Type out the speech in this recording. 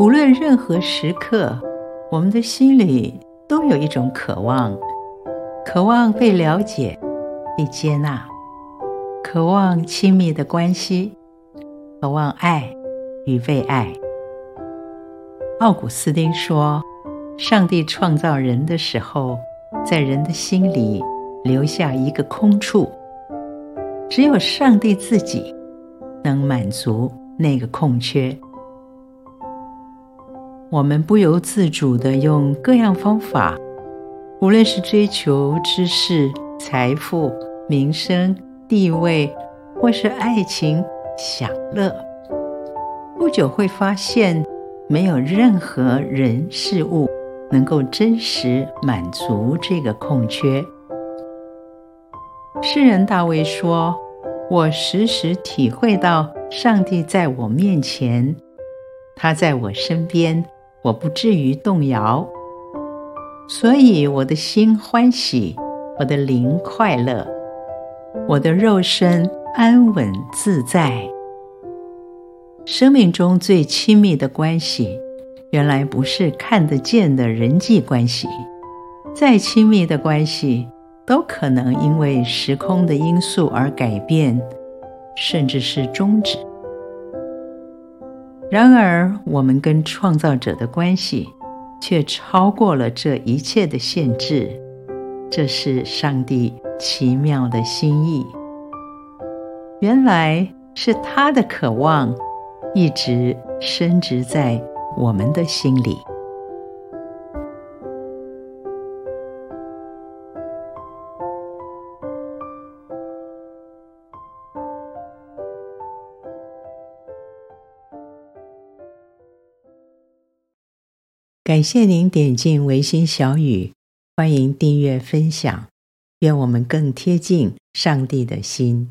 無論任何時刻，我們的心裡都有一種渴望，渴望被了解、被接納，渴望親密的關係，渴望愛與被愛。奧古斯丁說：“上帝創造人的時候，在人的心裡留下一個空處，只有上帝自己能滿足那個空缺。”我們不由自主地用各樣方法，無論是追求知識、財富、名聲、地位，或是愛情、享樂，不久會發現沒有任何人事物能夠真實滿足這個空缺。詩人大衛說：“我時時體會到上帝在我面前，他在我身邊。”我不至於動搖，所以我的心歡喜，我的靈快樂，我的肉身安穩自在。生命中最親密的關係，原來不是看得見的人際關係。再親密的關係，都可能因為時空的因素而改變，甚至是終止。然而，我們跟創造者的關係卻超過了這一切的限制，這是上帝奇妙的心意。原來是他的渴望一直深植在我們的心裡。感謝您點進唯心小語，歡迎訂閱分享，願我們更貼近上帝的心。